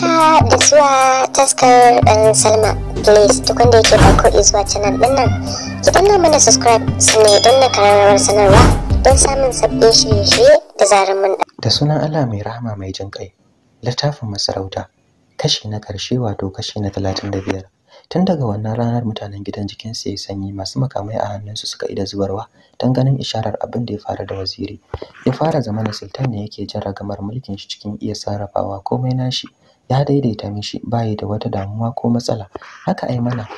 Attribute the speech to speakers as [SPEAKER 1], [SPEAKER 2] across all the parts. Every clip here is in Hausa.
[SPEAKER 1] haka ah, da zuwa taskar ɗan um, salma please duk wanda yake farko izuwa canal ɗin nan ki danna mana subscribe sannan don na kararrawar sanarwa don samun sabbin shirye-shirye da zarar mun da sunan allah mai rahama mai jin kai littafin masarauta kashi na karshe wato kashi na talatin da biyar tun daga wannan ranar mutanen gidan jikin sai sanyi masu makamai a hannunsu suka ida zubarwa don ganin isharar abin da ya fara da waziri ya fara zama na sultan ne yake jin ragamar mulkin shi cikin iya sarrafawa komai nashi ya daidaita mishi bayi da wata damuwa ko matsala haka ai mana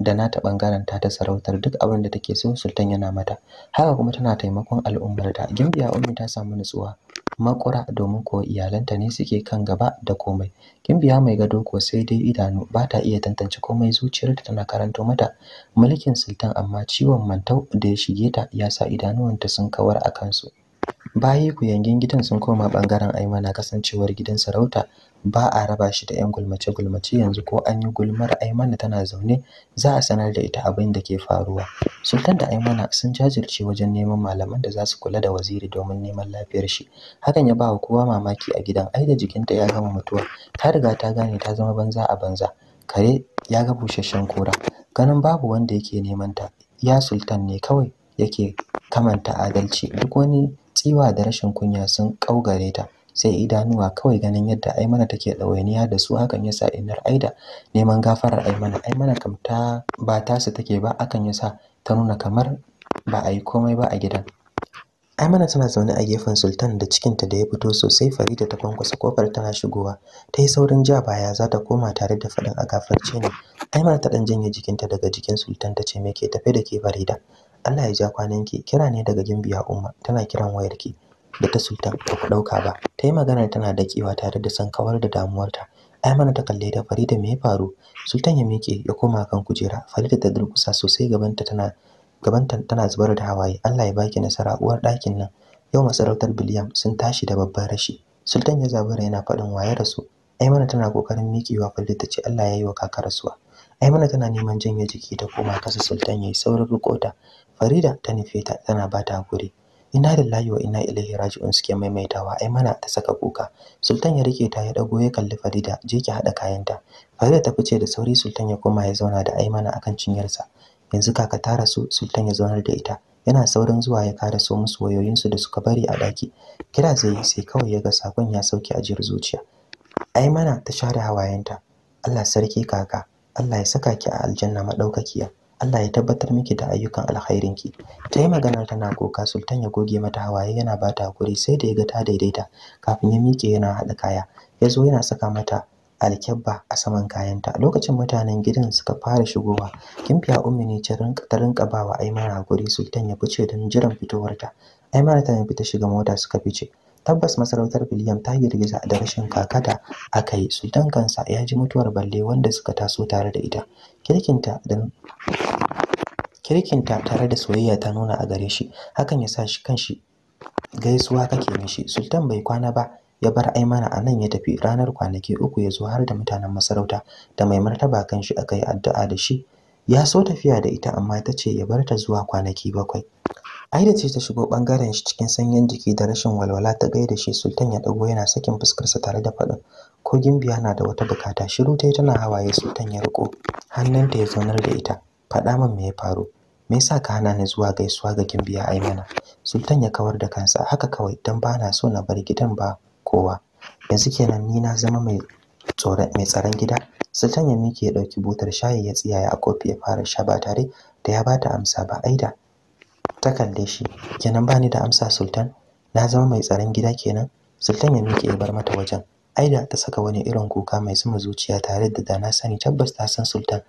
[SPEAKER 1] da nata bangaren ta ta sarautar duk abin da take so sultan yana mata haka kuma tana taimakon al'ummar ta gimbiya ummi ta samu nutsuwa makura domin ko iyalanta ne suke kan gaba da komai gimbiya mai gado ko sai dai idanu ba ta iya tantance komai zuciyar ta tana karanto mata mulkin sultan amma ciwon mantau da ya shige ta ya sa idanuwanta sun kawar a kansu bayi ku yangin gidan sun koma bangaren aimana kasancewar gidan sarauta ba a raba shi da 'yan gulmace-gulmace yanzu ko an yi gulmar Aimana tana zaune za a sanar da ita abin da ke faruwa. Sultan da Aimana sun jajirce wajen neman malaman da za su kula da waziri domin neman lafiyar shi. Hakan ya ba wa kowa mamaki a gidan ai da jikinta ya gama mutuwa ta riga ta gane ta zama banza a banza. Kare ya ga busasshen kura ganin babu wanda yake neman ta ya Sultan ne kawai yake kamanta adalci duk wani tsiwa da rashin kunya sun kaugare ta. sai idanuwa kawai ganin yadda Aimana take ɗawainiya da su hakan yasa Inar Aida neman gafarar Aimana Aimana kam ta ba tasa take ba akan yasa ta nuna kamar ba a yi komai ba a gidan Aimana tana zaune a gefen Sultan da cikinta da ya fito sosai Farida ta kwankwasa kofar tana shigowa. Ta yi saurin ja baya za ta koma tare da faɗin a gafarce ne. Aimana ta ɗan janye jikinta daga jikin Sultan ta ce me ke tafe da ke Farida? Allah ya ja kwananki kira ne daga Gimbiya Umma tana kiran wayarki. da ta sulta ba ku ɗauka ba ta yi magana tana dakewa tare da san kawar da damuwarta Aimana ta kalle ta Farida mai ya faru Sultan ya miƙe ya koma kan kujera Farida ta durkusa sosai gabanta tana gabanta tana zubar da hawaye Allah ya baki nasara uwar ɗakin nan yau masarautar Biliyam sun tashi da babban rashi Sultan ya zabura yana faɗin waye rasu Aimana tana kokarin miƙewa Farida ta ce Allah ya yi wa kaka rasuwa Aimana tana neman janye jiki ta koma kasa Sultan ya yi saurin rukota Farida ta nufe ta tana bata hakuri inna lillahi wa inna ilaihi raji'un suke maimaitawa ai mana ta saka kuka sultan ya rike ta ya dago ya kalli farida je ki hada kayanta farida ta fice da sauri sultan ya koma ya zauna da aimana akan cinyarsa yanzu kaka ta rasu sultan ya zaunar da ita yana saurin zuwa ya kara so musu wayoyinsu da suka bari a daki kira zai yi sai kawai ya ga sakon ya sauke a jir zuciya aimana ta share hawayenta Allah sarki kaka Allah ya saka ki a aljanna madaukakiya Allah ya tabbatar miki da ayyukan alkhairinki ta yi maganar tana kuka sultan ya goge mata hawaye yana bata ta hakuri sai da ya ga ta daidaita kafin ya miƙe yana haɗa kaya ya zo yana saka mata alkyabba a saman kayanta lokacin mutanen gidan suka fara shigowa kimfiya ummi ne ta rinka bawa aimana hakuri sultan ya fice don jiran fitowarta aimana ta ya fita shiga mota suka fice tabbas masarautar biliyan ta girgiza da rashin kaka da aka yi sultan kansa ya ji mutuwar balle wanda suka taso tare da ita kirkinta tare da soyayya ta nuna a gare shi hakan ya sa shi kanshi gaisuwa kake mishi sultan bai kwana ba ya bar aimana a nan ya tafi ranar kwanaki uku ya zo har da mutanen masarauta da mai martaba kanshi aka yi addu'a da shi ya so tafiya da ita amma ta ce ya bar ta zuwa kwanaki bakwai Aida ce ta shigo bangaren shi cikin sanyin jiki da rashin walwala ta gaida shi Sultan ya dago yana sakin fuskarsa tare da faɗin ko Gimbiya na da wata bukata shiru tai tana hawaye Sultan ya riko hannunta ya zaunar da ita faɗa min me ya faru me yasa ka hana ni zuwa gaisuwa ga Gimbiya Aimana Sultan ya kawar da kansa haka kawai dan ba na so na bar gidan ba kowa yanzu kenan ni na zama mai mai tsaron gida Sultan ya miƙe ya ɗauki butar shayi ya tsiyaya a kofi ya fara sha ba tare da ya bata amsa ba Aida ta kalle shi kenan bani da amsa sultan na zama mai tsaron gida kenan sultan ya miƙe ya bar mata wajen aida ta saka wani irin kuka mai zuma zuciya tare da na sani tabbas ta san sultan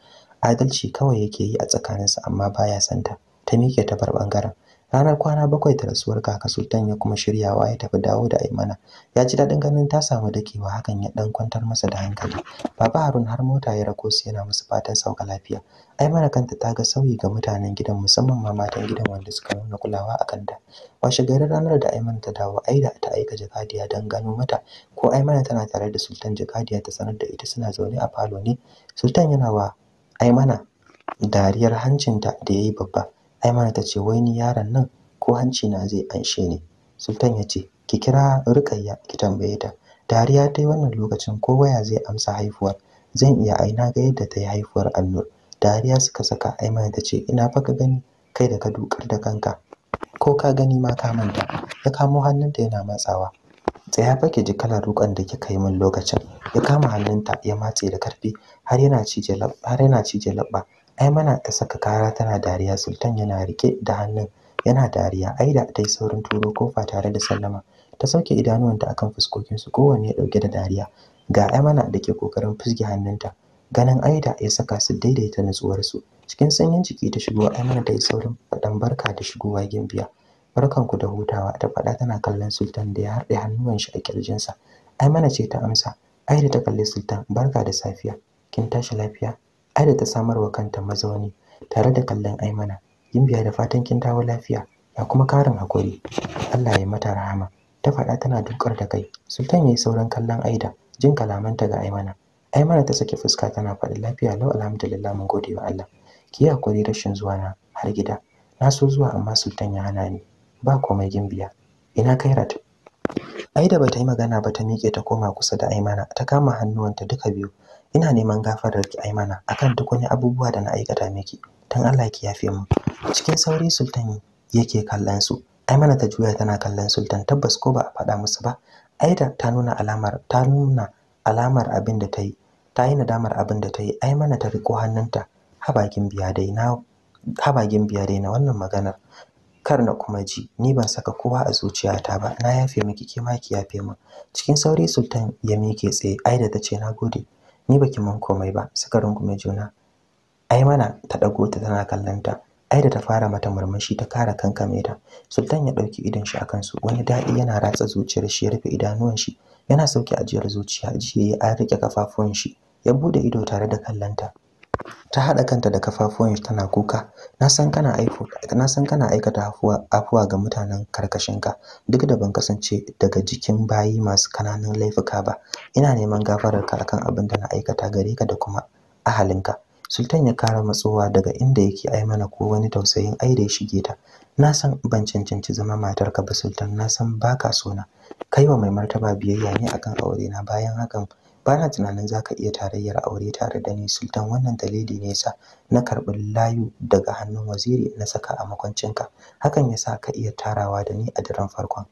[SPEAKER 1] adalci kawai yake yi a tsakaninsu amma baya santa ta miƙe ta bar ɓangaren. ranar kwana bakwai ta rasuwar kaka sultan ya kuma shiryawa ya tafi dawo da aimana ya ji daɗin ganin ta samu dakewa hakan ya ɗan kwantar masa da hankali baba harun har mota ya rako su yana musu fatan sauka lafiya aimana kanta ta ga sauyi ga mutanen gidan musamman ma matan gidan wanda suka nuna kulawa a kanta washe gari ranar da aimana ta dawo ai da ta aika jakadiya don gano mata ko aimana tana tare da sultan jakadiya ta sanar da ita suna zaune a falo ne sultan yana wa aimana dariyar hancinta da ya yi babba Aimana ta ce wai ni yaron nan ko hanci na zai anshe ne Sultan ya ce ki kira Rukayya ki tambaye ta. Dariya ta yi wannan lokacin ko waya zai amsa haifuwar. Zan iya aina ga yadda ta yi haifuwar Annur. Dariya suka saka Aimana ta ce ina fa ka gani kai da ka dukar da kanka. Ko ka gani ma ka manta. Ya kamo hannunta yana matsawa. Tsaya fa ki ji kalar rukan da kika yi min lokacin. Ya kama hannunta ya matse da karfi har yana cije laba. har yana cije labba Ai mana ta saka kara tana dariya Sultan yana rike da hannun yana dariya Ai da ta yi saurin turo kofa tare da sallama ta sauke idanuwanta akan fuskokinsu. su kowanne ya dauke da dariya ga mana da ke kokarin fusge hannunta ganin ai da ya saka su daidaita nutsuwar cikin sanyin jiki ta shigo mana ta yi saurin faɗan barka da shigowa Gimbiya barkanku da hutawa ta faɗa tana kallon Sultan da ya harɗe hannuwan shi a Ai Aimana ce ta amsa Aida ta kalli Sultan barka da safiya kin tashi lafiya Aida da ta samarwa kanta mazauni tare da kallon Aimana Gimbiya da fatan kin dawo lafiya ya kuma karin hakuri Allah ya mata rahama ta faɗa tana dukar da kai Sultan ya yi sauran kallon Aida jin kalamanta ga Aimana Aimana ta saki fuska tana faɗi lafiya lau alhamdulillah mun gode wa Allah ki yi hakuri rashin zuwa na har gida na so zuwa amma Sultan ya hana ni ba komai Gimbiya ina kai rat. Aida bata yi magana ba ta miƙe ta koma kusa da Aimana ta kama hannuwanta duka biyu ina neman gafarar ki Aimana akan duk wani abubuwa da na aikata miki dan Allah ki yafe mu cikin sauri sultan yake kallon su Aimana ta juya tana kallon sultan tabbas ko ba a faɗa musu ba Aida ta nuna alamar ta nuna alamar abin da ta yi ta yi nadamar abin da ta yi mana ta riko hannunta Habakin biya dai na biya dai na wannan maganar kar na kuma ji ni ban saka kowa a zuciyata ba na yafe miki kima ma ki yafe mu cikin sauri sultan ya mike tsaye Aida ta ce na gode. ni baki mun komai ba suka rungume juna ai mana ta dago ta tana kallanta ai da ta fara mata murmushi ta kara kankame ta sultan ya dauki idan shi akan su wani dadi yana ratsa zuciyar shi ya rufe idanuwan shi yana sauke ajiyar zuciya ji an rike kafafuwan shi ya bude ido tare da kallanta ta haɗa kanta da kafafuwan shi tana kuka na san kana aiko na san kana aikata afuwa afuwa ga mutanen karkashinka duk da ban kasance daga jikin bayi masu kananan laifuka ba ina neman gafararka akan abin da na aikata gare ka da kuma ahalinka sultan ya kara matsowa daga inda yake ai mana ko wani tausayin ai da ya shige ta na san ban cancanci zama matarka ba sultan na san baka sona kai wa mai martaba biyayya ne akan aure na bayan hakan bana tunanin zaka iya tarayyar aure tare da ni sultan wannan dalili ne sa na karɓar layu daga hannun waziri na saka a makwancinka hakan yasa ka iya tarawa da ni a daren farkon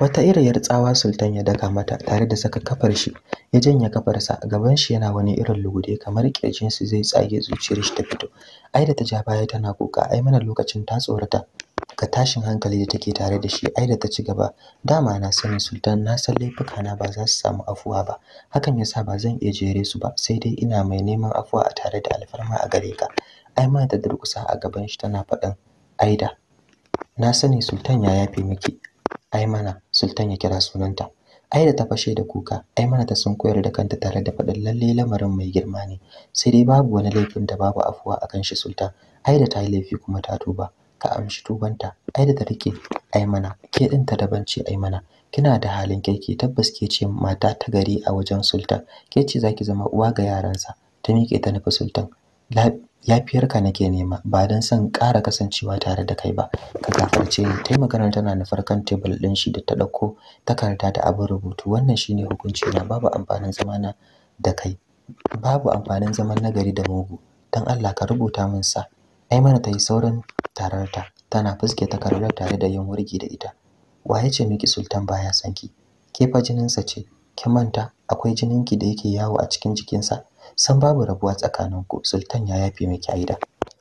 [SPEAKER 1] wata iriyar tsawa sultan ya daka mata tare da saka kafar shi ya janye kafarsa gaban shi yana wani irin lugude kamar kirjin su zai tsage zuciyar shi ta fito ai da ta ja baya tana kuka ai mana lokacin ta tsorata ga tashin hankali da take tare da shi ai da ta ci gaba dama na sani sultan na san laifuka na ba za su samu afuwa ba hakan yasa ba zan iya jere su ba sai dai ina mai neman afuwa a tare da alfarma a gare ka ai ma ta durkusa a gaban shi tana faɗin aida na sani sultan ya yafe miki ai mana sultan ya kira sunanta Aida ta fashe da kuka, mana ta sun koyar da kanta tare da faɗin lalle lamarin mai girma ne, sai dai babu wani laifin da babu afuwa akan shi Sultan. Aida ta yi laifi kuma ta tuba. ta amshi tubanta ai da rike ai mana ke din ta daban ce ai mana kina da halin kirki tabbas ke ce mata ta gari a wajen sultan ke ce zaki zama uwa ga yaransa ta miƙe ta nufi sultan yafiyarka nake nema ba don son ƙara kasancewa tare da kai ba ka gafarce ni tai maganar tana nufar kan tebul ɗin shi da ta ɗauko takarda da abin rubutu wannan shine hukunci na babu amfanin zamana da kai babu amfanin zaman nagari da mugu Don Allah ka rubuta min sa ai mana yi sauran tararta tana fuske takardar tare da yin wurgi da ita waye ce miki sultan baya sanki ki ke fa jininsa ce ki manta akwai jininki da yake yawo a cikin jikinsa san babu rabuwa tsakaninku sultan ya yafe miki aida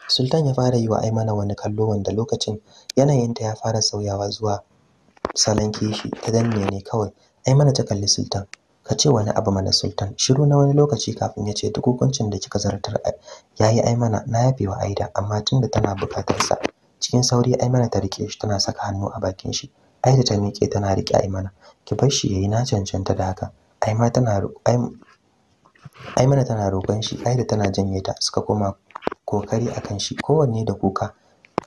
[SPEAKER 1] sultan ya fara yi wa aimana wani kallo wanda lokacin yanayinta ya fara sauyawa zuwa salon kishi ta danne ne kawai aimana ta kalli sultan ka ce wani abu mana sultan shiru na wani lokaci kafin ya ce duk hukuncin da kika zartar yayi ai mana na yafe wa aida amma tun da tana bukatar sa cikin sauri ai mana ta rike shi tana saka hannu a bakin shi aida ta miƙe tana rike ai mana ki bar shi yayi na cancanta da haka ai tana ai roƙon shi aida tana janye ta suka koma kokari akan shi kowanne da kuka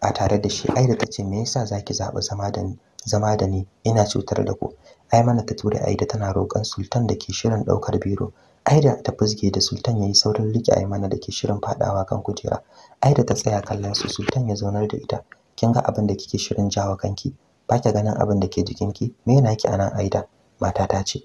[SPEAKER 1] a tare da shi aida ta ce me yasa zaki zaɓi zama da zama da ni ina cutar da ku ai mana ta tura Aida tana roƙon Sultan da ke shirin ɗaukar biro. Aida ta fizge da Sultan yayi saurin rike mana da ke shirin faɗawa kan kujera. ai da ta tsaya kallon su Sultan ya zaunar da ita. Kin ga abin da kike shirin jawo kanki? Ba ki ganin abin da ke jikinki? Me yana ki anan Aida? Mata ta ce.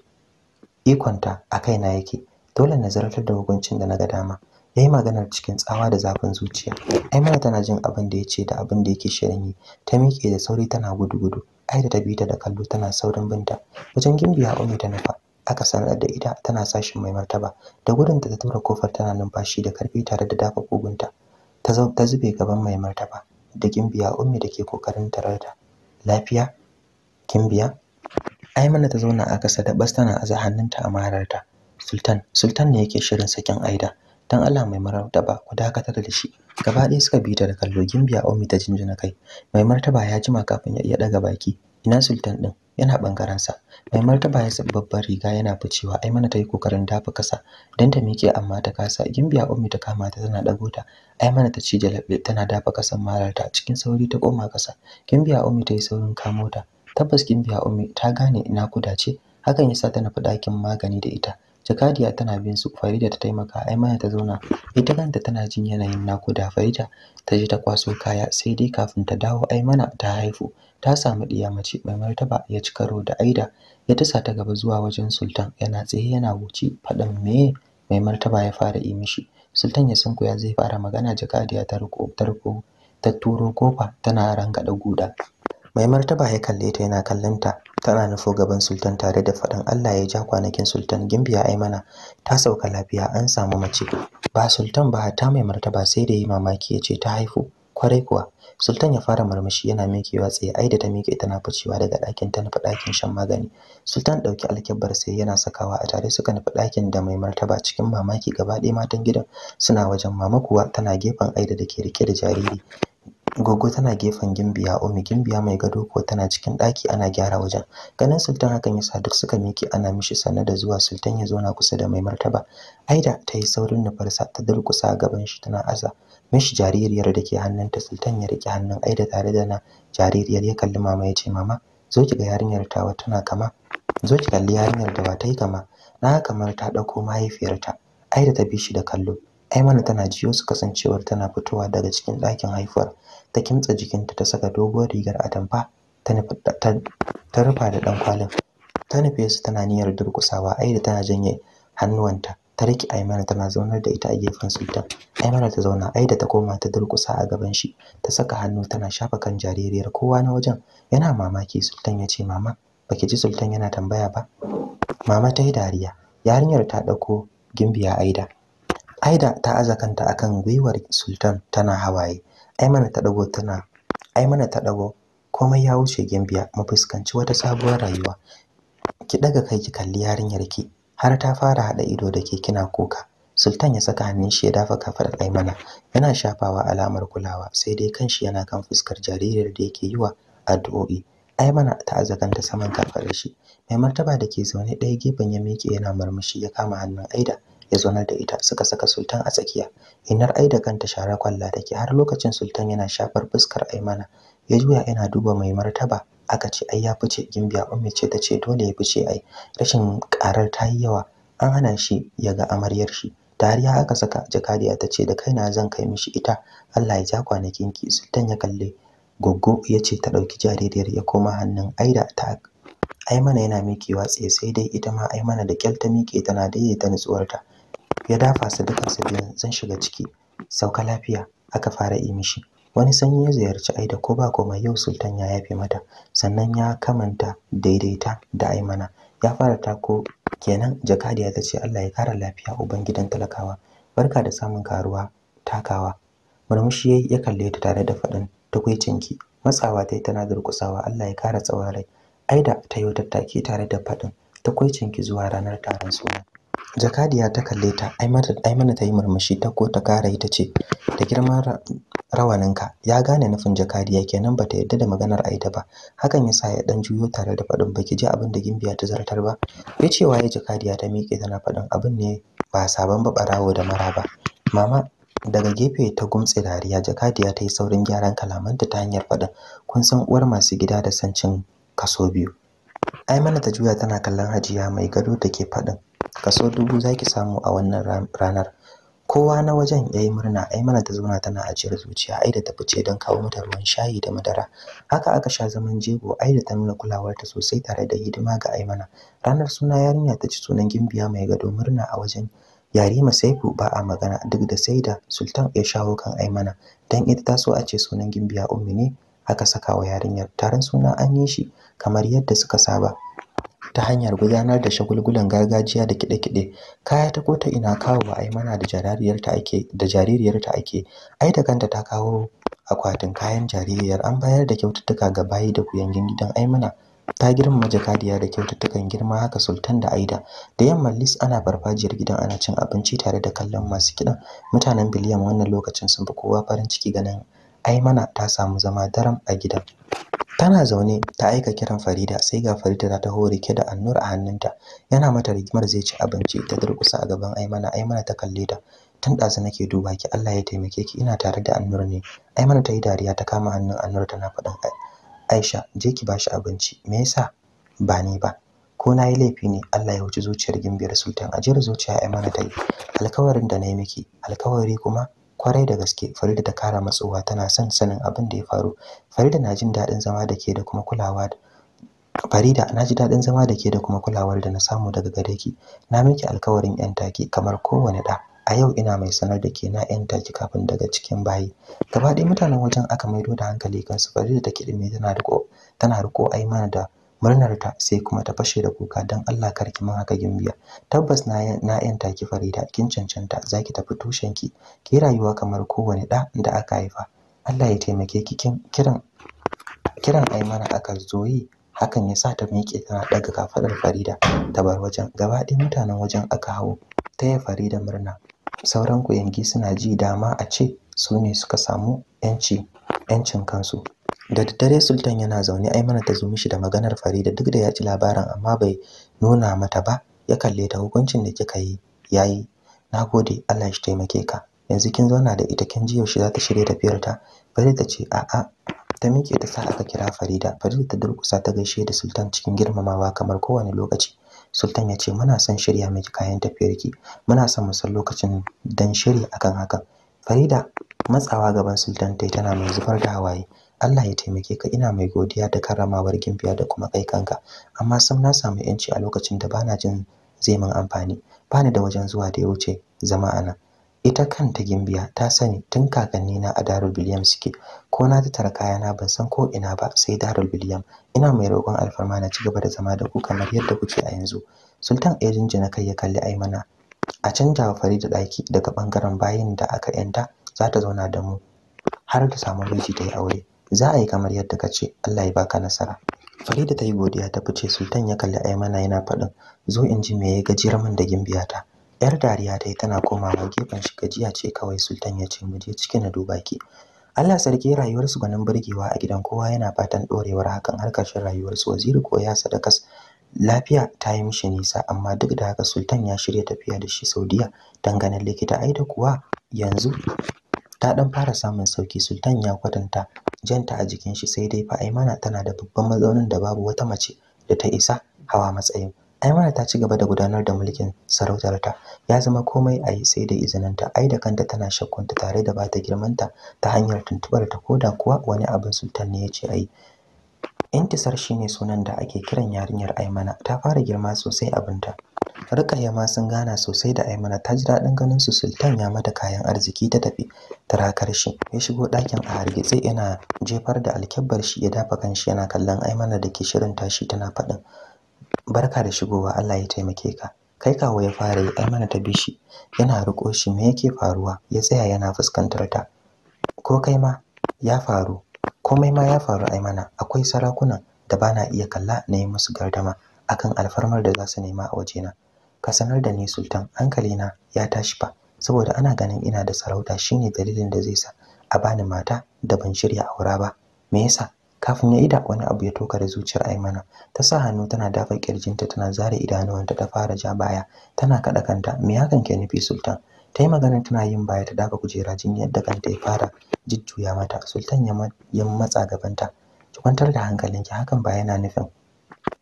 [SPEAKER 1] Ikonta a na yake. Dole na zartar da hukuncin da na ga dama. ya yi maganar cikin tsawa da zafin zuciya aimana tana jin abin da ya ce da abin da yake shirin yi ta miƙe da sauri tana gudu gudu ai da ta bi ta da kallo tana saurin binta wajen gimbiya umi ta nufa aka sanar da ita tana sashin mai martaba da gudunta ta tura kofar tana numfashi da karfi tare da dafa kugunta ta zube gaban mai martaba da gimbiya ummi da ke kokarin tarar da lafiya gimbiya aimana ta zauna a kasa da bas tana aza hannunta a mararta sultan sultan ne yake shirin sakin aida dan Allah mai martaba ku dakatar da shi gaba ɗaya suka bi ta da kallo gimbiya ummi ta jinjina kai mai martaba ya jima kafin ya iya daga baki ina sultan din yana ɓangarensa. sa mai martaba ya sabi babbar riga yana ficewa ai mana tayi kokarin dafa kasa dan ta miƙe amma ta kasa gimbiya ummi ta kama ta tana dago ta ai mana ta ci jalabe tana dafa kasan malarta cikin sauri ta koma kasa gimbiya ummi ta yi saurin kamo ta tabbas gimbiya ummi ta gane ina kudace ce hakan yasa tana fada kin magani da ita Jakadiya tana bin su Farida ta taimaka ai mana ta zauna ita kanta tana jin yanayin nakuda Farida ta ji ta kwaso kaya sai dai kafin ta dawo ai mana ta haifu. ta samu ɗiya mace mai martaba ya ci karo da Aida ya tusa ta gaba zuwa wajen Sultan yana tsaye yana wuce faɗan me mai martaba ya fara yi mishi Sultan ya ya zai fara magana Jakadiya ta riko ta riko ta turo kofa tana rangada guda mai martaba ya kalle ta yana kallon tana nufo gaban sultan tare da faɗin Allah ya ja kwanakin sultan gimbiya ai mana. ta sauka lafiya an samu mace ba sultan ba ta mai martaba sai da yi mamaki ya ce ta haifu kwarai kuwa sultan ya fara murmushi yana mikewa tsaye ai da ta mike tana ficewa daga ɗakin ta nufi ɗakin shan magani sultan ɗauki alkebbar sai yana sakawa a tare suka na ɗakin da mai martaba cikin mamaki gaba ɗaya matan gidan suna wajen mama kuwa tana gefen aida da ke rike da jariri Gogo tana gefen Gimbiya, omi Gimbiya mai gado ko tana cikin ɗaki ana gyara wajen. Ganin Sultan hakan yasa duk suka miki ana mishi sanar da zuwa Sultan ya zauna kusa da mai martaba. Aida ta yi saurin nufarsa ta durkusa gaban shi tana aza mishi jaririyar da ke hannunta Sultan ya riƙe hannun Aida tare da na jaririyar ya kalli mama ya ce mama zo ki ga yarinyar tawa tana kama zo ki kalli yarinyar da ba ta yi kama na kamar ta ɗauko mahaifiyarta Aida ta bi shi da kallo Aimana tana jiyo su kasancewar tana fitowa daga cikin ɗakin haifar ta kimtsa jikinta ta saka doguwar rigar atamfa ta rufa da ɗan kwalin. ta nufe su tana niyyar durƙusawa da tana janye hannuwanta ta riƙe Aimana tana zaunar da ita a gefen sultan Aimana ta zauna ai da ta koma ta durƙusa a gaban shi ta saka hannu tana shafa kan jaririyar kowa na wajen yana mamaki sultan ya ce mama baki ji sultan yana tambaya ba mama ta yi dariya yarinyar ta ɗauko gimbiya Aida Aida ta aza kanta akan gwiwar Sultan tana hawaye. Aimana ta dago tana Aimana ta dago komai ya wuce Gimbiya mu fuskanci wata sabuwar rayuwa. Ki daga kai ki kalli yarinyar ki har ta fara hada ido da ke kina kuka. Sultan ya saka hannun shi ya dafa kafar Aimana yana shafawa alamar kulawa sai dai kanshi yana kan fuskar jaririyar da yake yiwa wa addu'o'i. Aimana ta kanta saman kafar shi. Mai martaba da ke zaune ɗaya gefen ya miƙe yana murmushi ya kama hannun Aida ya zonar da ita suka saka sultan a tsakiya inar ai da kanta shara kwalla take har lokacin sultan yana shafar fuskar aimana ya juya yana duba mai martaba aka ce ai ya fice gimbiya umme ce ta ce dole ya fice ai rashin karar ta yi yawa an hana shi ya ga amaryar shi dariya aka saka jakadiya ta ce da kaina zan kai mishi ita Allah ya ja kwanakin ki sultan ya kalle goggo ya ce ta ɗauki jaririyar ya koma hannun aida ta aimana yana mikewa tsaye sai dai ita ma aimana da kyal mike tana daidaita nutsuwarta ya dafa su dukansu biyan zan shiga ciki sauka lafiya aka fara yi mishi wani sanyi ya ziyarci aida ko ba koma yau sultan ya yafe mata sannan ya kamanta daidaita da aimana ya fara tako kenan jakadiya ta ce Allah ya kara lafiya uban gidan talakawa barka da samun karuwa takawa murmushi yayi ya kalle ta tare da faɗin ki matsawa ta yi tana durƙusawa Allah ya kara tsawarai aida ta yi tattaki tare da faɗin ki zuwa ranar taron suna Jakadiya ta kalle ta, mana ta yi murmushi ta ko ta kara ita ce, "Da girman rawaninka." Ya gane nufin Jakadiya kenan ta yarda da maganar Aida ba. Hakan ya sa ya dan juyo tare da faɗin baki ji abin da Gimbiya ta zartar ba. Ya ce waye Jakadiya ta miƙe tana faɗin abin ne ba sabon ba barawo da mara ba. Mama daga gefe ta gumtse dariya Jakadiya ta yi saurin gyaran kalamanta ta hanyar faɗin, "Kun san uwar masu gida da sancin kaso biyu." Ai mana ta juya tana kallon Hajiya mai gado da ke faɗin, kaso dubu zaki samu a wannan ranar kowa na wajen yayi murna ai mana ta zauna tana ajiyar zuciya Ai da ta fice don kawo mata ruwan shayi da madara haka aka sha zaman jego ai da ta nuna kulawar ta sosai tare da hidima ga ai mana. ranar suna yarinya ta ci sunan gimbiya mai gado murna a wajen Yarima Saifu ba a magana duk da sai da Sultan ya shawo kan ai mana, dan ita ta so a ce sunan gimbiya Ummi ne aka saka wa yarinyar taron suna an yi shi kamar yadda suka saba ta hanyar gudanar da shagulgulan gargajiya da kiɗe-kiɗe kaya ta kota ina kawo ai mana da jaririyarta ake da ake ai da kanta ta kawo akwatin kayan jaririyar an bayar da kyaututtuka ga bayi da kuyangin gidan aimana ta girma majakadiya da kyaututtukan girma haka sultan da aida da yamma lis ana farfajiyar gidan ana cin abinci tare da kallon masu kiɗan mutanen biliyan wannan lokacin sun fi kowa farin ciki ganin aimana ta samu zama daram a gidan tana zaune ta aika kiran Farida sai ga Farida ta taho rike da annur a hannunta yana mata rigimar zai ci abinci ta durkusa a gaban Aimana Aimana ta kalle ta tun ɗazu nake duba ki Allah ya taimake ki ina tare da annur ne Aimana ta yi dariya ta kama hannun annur tana faɗin Aisha je ki bashi abinci me yasa ba ni ba ko na yi laifi ne Allah ya wuce zuciyar gimbiyar sultan ajiyar zuciya Aimana ta yi alkawarin da na yi miki alkawari kuma kwarai da gaske Farida ta kara matsowa tana son sanin abin da ya faru Farida na jin dadin zama da ke da kuma kulawa Farida na ji daɗin zama da ke da kuma kulawar da na samu daga gare ki na miki alkawarin yan take kamar kowane da a yau ina mai sanar da ke na yan take kafin daga cikin bayi gaba ɗaya mutanen wajen aka maido da hankali kan su, Farida da me tana riko tana riko mana da murnar ta sai kuma ta fashe da kuka dan Allah kar ki mun haka biya. tabbas na na yanta ki Farida kin cancanta zaki tafi tushen ki ki rayuwa kamar kowane da da aka haifa Allah ya taimake ki kin kiran kiran Aimana aka zoyi hakan ya sa ta miƙe tana daga kafadar Farida ta bar wajen gaba ɗaya mutanen wajen aka hawo ta yi Farida murna sauran ku yanki suna ji dama a ce su ne suka samu 'yanci 'yancin kansu da daddare sultan yana zaune aimana ta zo mishi da maganar farida duk da ya ci labarin amma bai nuna mata ba ya kalle ta hukuncin da kika yi yayi nagode Allah shi taimake ka yanzu kin zauna da ita kin ji yaushe za ta shirya tafiyar ta farida ce a'a ta miƙe ta sa aka kira farida farida ta durkusa ta gaishe da sultan cikin girmamawa kamar kowane lokaci sultan ya ce muna son shirya miki kayan tafiyarki muna son mu san lokacin dan shiri akan haka farida matsawa gaban sultan tai tana mai zubar da hawaye Allah ya taimake ka ina mai godiya da karramawar gimbiya da kuma kai kanka amma sun na samu yanci a lokacin da bana jin zai min amfani bani da wajen zuwa da ya wuce zama a nan ita kanta gimbiya ta sani tun kakanni na a Darul Biliyam suke ko na ta tarkaya na ban san ko ina ba sai Darul Biliyam ina mai roƙon alfarma na ci gaba da zama da ku kamar yadda kuke a yanzu Sultan Ejin na kai ya kalli Aimana a canja wa Farida ɗaki daga bangaren bayin da aka yanta za ta zauna da mu har ta samu miji ta yi aure za a yi kamar yadda ka ce Allah ya baka nasara Farida ta yi godiya ta fice Sultan ya kalli Aimana yana faɗin zo in ji me ya gajiyar min da gimbiya ta. yar dariya ta yi tana komawa gefen shi gajiya ce kawai Sultan ya ce mu je ciki na duba ki Allah sarki rayuwarsu gwanin burgewa a gidan kowa yana fatan dorewar hakan har rayuwar rayuwarsu waziri ko ya sadakas lafiya ta yi mishi nisa amma duk da haka Sultan ya shirya tafiya da shi Saudiya ganin likita aida kuwa yanzu ta dan fara samun sauki Sultan ya kwatanta janta a jikin shi sai dai fa Aimana tana da babban mazaunin da babu wata mace da ta isa hawa matsayin Aimana ta ci gaba da gudanar da mulkin sarautar ta ya zama komai a yi sai da izininta ai da kanta tana shakkunta tare da bata girmanta ta hanyar tuntubar ta koda kuwa wani abin sultan ne ya ce ai Intisar shine sunan da ake kiran yarinyar Aimana ta fara girma sosai abinta Rukayya ma sun gana sosai da Aimana ta ji daɗin ganin su Sultan ya mata kayan arziki ta tafi Tara shi. Ya shigo ɗakin a hargitse yana jefar da alkyabbar shi ya dafa kanshi yana kallon Aimana da ke shirin tashi tana faɗin barka da shigowa Allah ya taimake ka. Kai kawo ya fara yi Aimana ta bi shi yana riko shi me yake faruwa ya tsaya yana fuskantar ta. Ko kai ma ya faru komai ma ya faru Aimana akwai sarakuna da bana iya kalla na yi musu gardama akan alfarmar da za su nema a wajena. ka sanar da ni sultan hankalina ya tashi fa saboda ana ganin ina da sarauta shine dalilin da zai sa a bani mata da ban shirya aura ba me yasa kafin ya ida wani abu ya toka da zuciyar Aimana ta sa hannu tana dafa kirjinta tana zare idanuwanta ta fara ja baya tana kada kanta me ya ke nufi sultan ta yi magana tana yin baya ta dafa kujera jin yadda kanta ya fara jujjuya mata sultan ya matsa gabanta ki kwantar da hankalinki hakan ba yana nufin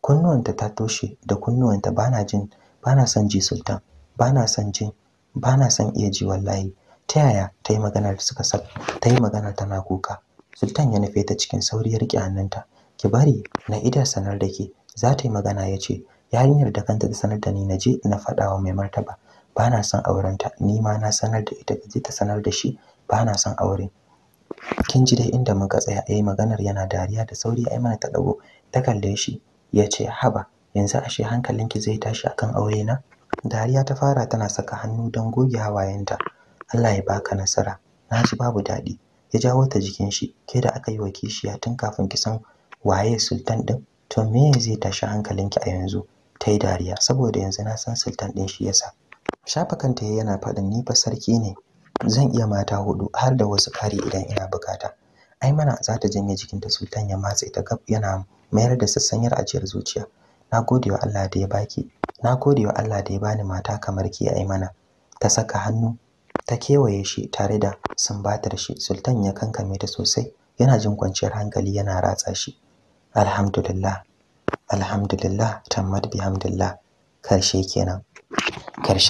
[SPEAKER 1] kunnuwanta ta toshe da kunnuwanta bana jin bana son ji sultan bana son ji bana son iya ji wallahi ta yaya ta yi magana da suka sab ta yi magana tana kuka sultan ya nufe ta cikin sauri ya riƙe ki bari na ida sanar da ke za ta yi magana ya ce yarinyar da kanta ta sanar da ni na je na faɗa wa mai martaba bana na son aurenta ni ma na sanar da ita je ta sanar da shi ba na son aure kin ji dai inda muka tsaya yayi maganar yana dariya da sauri ai mana ta dago ta kalle shi ya ce haba yanzu ashe hankalinki zai tashi akan aure na dariya ta fara tana saka hannu don goge hawayenta Allah ya baka nasara na ji babu daɗi ya jawo ta jikin shi ke da aka yi wa kishiya tun kafin ki san waye sultan din to me zai tashi hankalinki a yanzu ta yi dariya saboda yanzu na san sultan din shi yasa shafa kanta yana faɗin ni fa sarki ne zan iya mata hudu har da wasu kari idan ina bukata ai mana za ta janye jikinta sultan ya matse ta gab yana mayar da sassanyar ajiyar zuciya na gode wa Allah da ya baki na gode wa Allah da ya bani mata kamar ki mana, ta saka hannu ta kewaye shi tare da sumbatar shi sultan ya kankame da sosai yana jin kwanciyar hankali yana ratsa shi alhamdulillah alhamdulillah tammad bihamdillah karshe kenan karshe